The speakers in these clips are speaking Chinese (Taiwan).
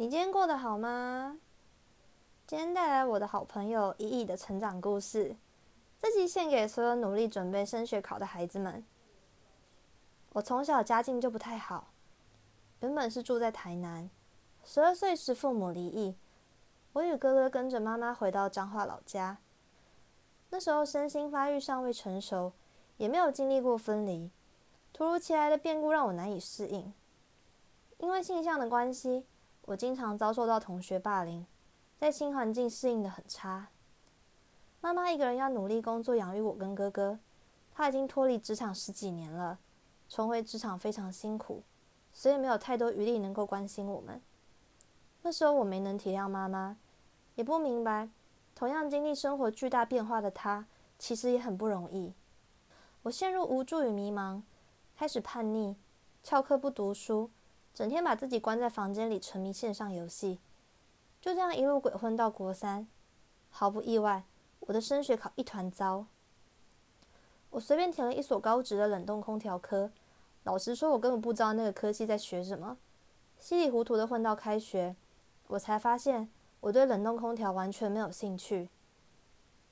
你今天過得好嗎？今天帶來我的好朋友乙乙的成長故事。這集獻給所有努力準備升學考的孩子們。我從小家境就不太好，原本是住在台南。十二歲時父母離異，我與哥哥跟着媽媽回到彰化老家。那時候身心發育尚未成熟，也沒有經歷過分離，突如其來的變故讓我難以適應。因為性向的關係，我經常遭受到同學霸凌，在新環境適應得很差。媽媽一個人要努力工作養育我跟哥哥，她已經脫離職場十幾年了，重回職場非常辛苦，所以沒有太多餘力能夠關心我們。那時候我沒能體諒媽媽，也不明白，同樣經歷生活巨大變化的她，其實也很不容易。我陷入無助與迷茫，開始叛逆，翹課不讀書。整天把自己關在房間裡，沉迷線上遊戲，就這樣一路鬼混到國三。毫不意外，我的升學考一團糟。我隨便填了一所高職的冷凍空調科，老實說，我根本不知道那個科系在學什麼，稀里糊塗的混到開學，我才發現我對冷凍空調完全沒有興趣。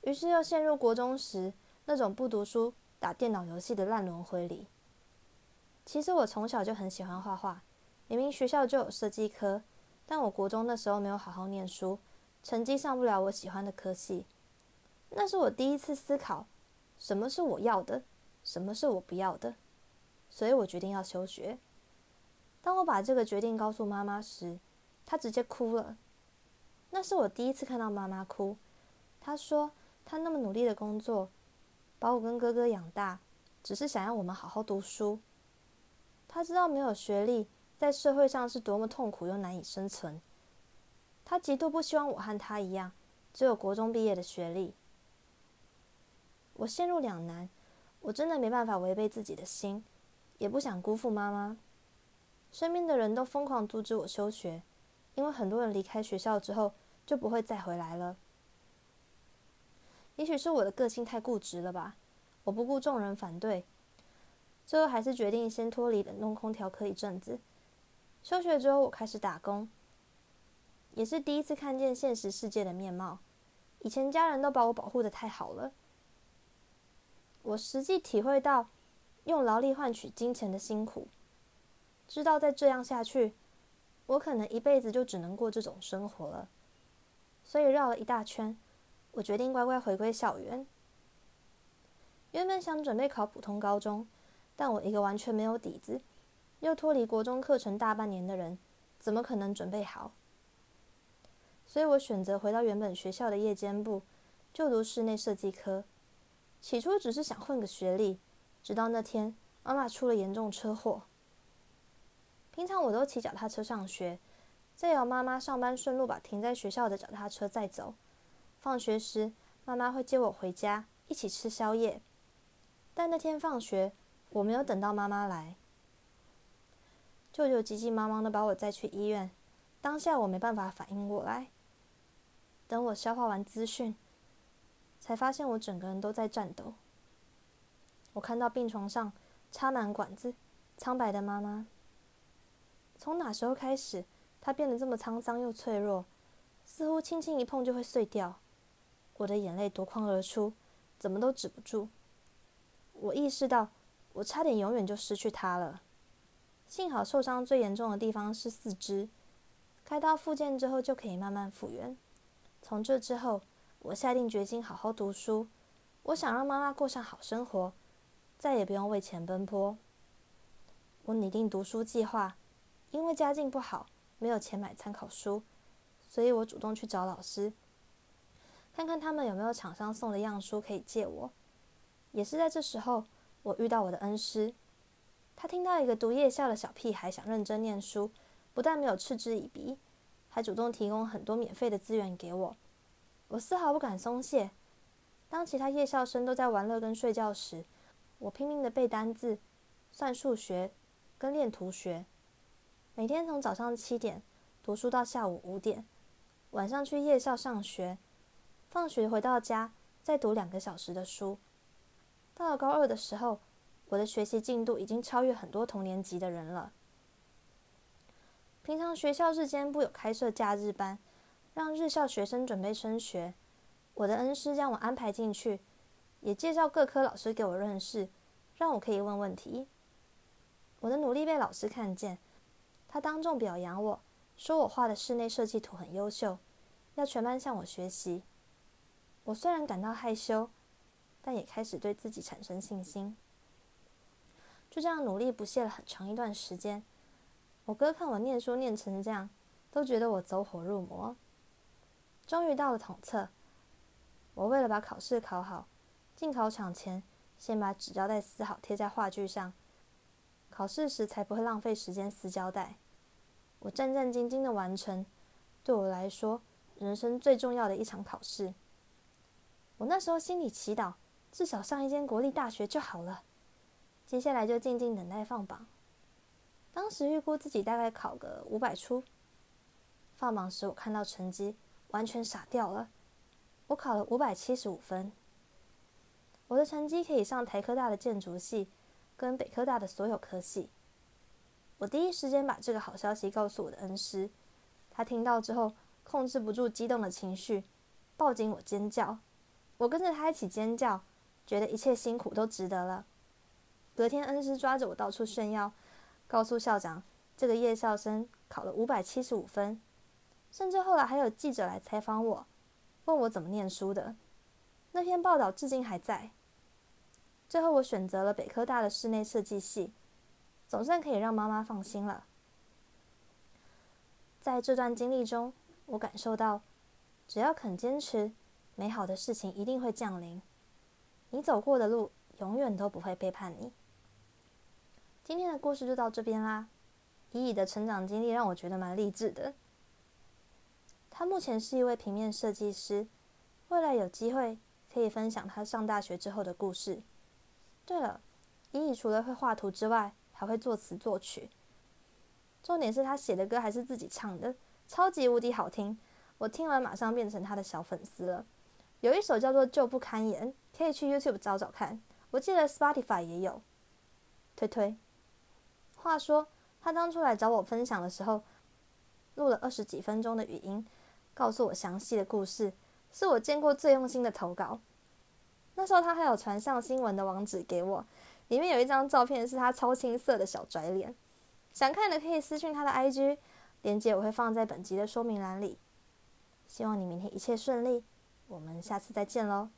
於是又陷入國中時那種不讀書、打電腦遊戲的爛輪回裡。其實我從小就很喜歡畫畫。明明學校就有設計科，但我國中那時候沒有好好念書，成績上不了我喜歡的科系。那是我第一次思考，什麼是我要的，什麼是我不要的，所以我決定要休學。當我把這個決定告訴媽媽時，她直接哭了。那是我第一次看到媽媽哭。她說，她那麼努力的工作，把我跟哥哥養大，只是想要我們好好讀書。她知道沒有學歷，在社會上是多麼痛苦，又難以生存。他極度不希望我和他一樣，只有國中畢業的學歷。我陷入兩難，我真的沒辦法違背自己的心，也不想辜負媽媽。身邊的人都瘋狂阻止我休學，因為很多人離開學校之後就不會再回來了。也許是我的個性太固執了吧，我不顧眾人反對，最後還是決定先脫離冷凍空調科一陣子。休學之後，我開始打工，也是第一次看見現實世界的面貌。以前家人都把我保護得太好了，我實際體會到用勞力換取金錢的辛苦，知道再這樣下去，我可能一輩子就只能過這種生活了。所以繞了一大圈，我決定乖乖回歸校園。原本想準備考普通高中，但我一個完全沒有底子，又脫離國中課程大半年的人,怎麼可能準備好？所以我選擇回到原本學校的夜間部，就讀室內設計科。起初只是想混個學歷，直到那天，媽媽出了嚴重車禍。平常我都騎腳踏車上學，再由媽媽上班順路把停在學校的腳踏車載走。放學時，媽媽會接我回家，一起吃宵夜。但那天放學，我沒有等到媽媽來。舅舅急急忙忙地把我載去醫院，當下我沒辦法反應過來。等我消化完資訊，才發現我整個人都在顫抖。我看到病床上插滿管子、蒼白的媽媽，從哪時候開始，她變得這麼滄桑又脆弱，似乎輕輕一碰就會碎掉。我的眼淚奪眶而出，怎麼都止不住。我意識到，我差點永遠就失去她了。幸好受傷最嚴重的地方是四肢，開刀復健之後就可以慢慢復原。從這之後，我下定決心好好讀書，我想讓媽媽過上好生活，再也不用為錢奔波。我擬定讀書計劃，因為家境不好，沒有錢買參考書，所以我主動去找老師，看看他們有沒有廠商送的樣書可以借我。也是在這時候，我遇到我的恩師。他聽到一個讀夜校的小屁孩想認真念書，不但沒有嗤之以鼻，還主動提供很多免費的資源給我。我絲毫不敢鬆懈。當其他夜校生都在玩樂跟睡覺時，我拼命的背單字、算數學、跟練圖學。每天從早上七點讀書到下午五點，晚上去夜校上學，放學回到家再讀兩個小時的書。到了高二的時候。我的學習進度已經超越很多同年級的人了。平常學校日間部有開設假日班，讓日校學生準備升學。我的恩師將我安排進去，也介紹各科老師給我認識，讓我可以問問題。我的努力被老師看見，他當眾表揚我說我畫的室內設計圖很優秀，要全班向我學習。我雖然感到害羞，但也開始對自己產生信心。就這樣努力不懈了很長一段時間，我哥看我念書念成這樣，都覺得我走火入魔。終於到了統測，我為了把考試考好，進考場前先把紙膠帶撕好貼在畫具上，考試時才不會浪費時間撕膠帶。我戰戰兢兢的完成，對我來說人生最重要的一場考試。我那時候心裡祈禱，至少上一間國立大學就好了。接下來就靜靜等待放榜。當時預估自己大概考個五百出，放榜時我看到成績，完全傻掉了。我考了五百七十五分，我的成績可以上台科大的建築系，跟北科大的所有科系。我第一時間把這個好消息告訴我的恩師，他聽到之後控制不住激動的情緒，抱緊我尖叫。我跟着他一起尖叫，覺得一切辛苦都值得了。隔天，恩師抓着我到處炫耀，告訴校長這個夜校生考了五百七十五分，甚至後來還有記者來採訪我，問我怎麼念書的。那篇報道至今還在。最後，我選擇了北科大的室內設計系，總算可以讓媽媽放心了。在這段經歷中，我感受到，只要肯堅持，美好的事情一定會降臨。你走過的路，永遠都不會背叛你。今天的故事就到這邊啦。乙乙的成長經歷讓我覺得蠻勵志的。他目前是一位平面設計師，未來有機會可以分享他上大學之後的故事。對了，乙乙除了會畫圖之外，還會作詞作曲。重點是他寫的歌還是自己唱的，超級無敵好聽！我聽完馬上變成他的小粉絲了。有一首叫做《舊不堪言》，可以去 YouTube 找找看。我記得 Spotify 也有，推推。話說，他當初來找我分享的時候，錄了二十幾分鐘的語音，告訴我詳細的故事，是我見過最用心的投稿。那時候他還有傳上新聞的網址給我，裡面有一張照片是他超青澀的小拽臉，想看的可以私訊他的 IG，連結我會放在本集的說明欄裡。希望你明天一切順利，我們下次再見嘍。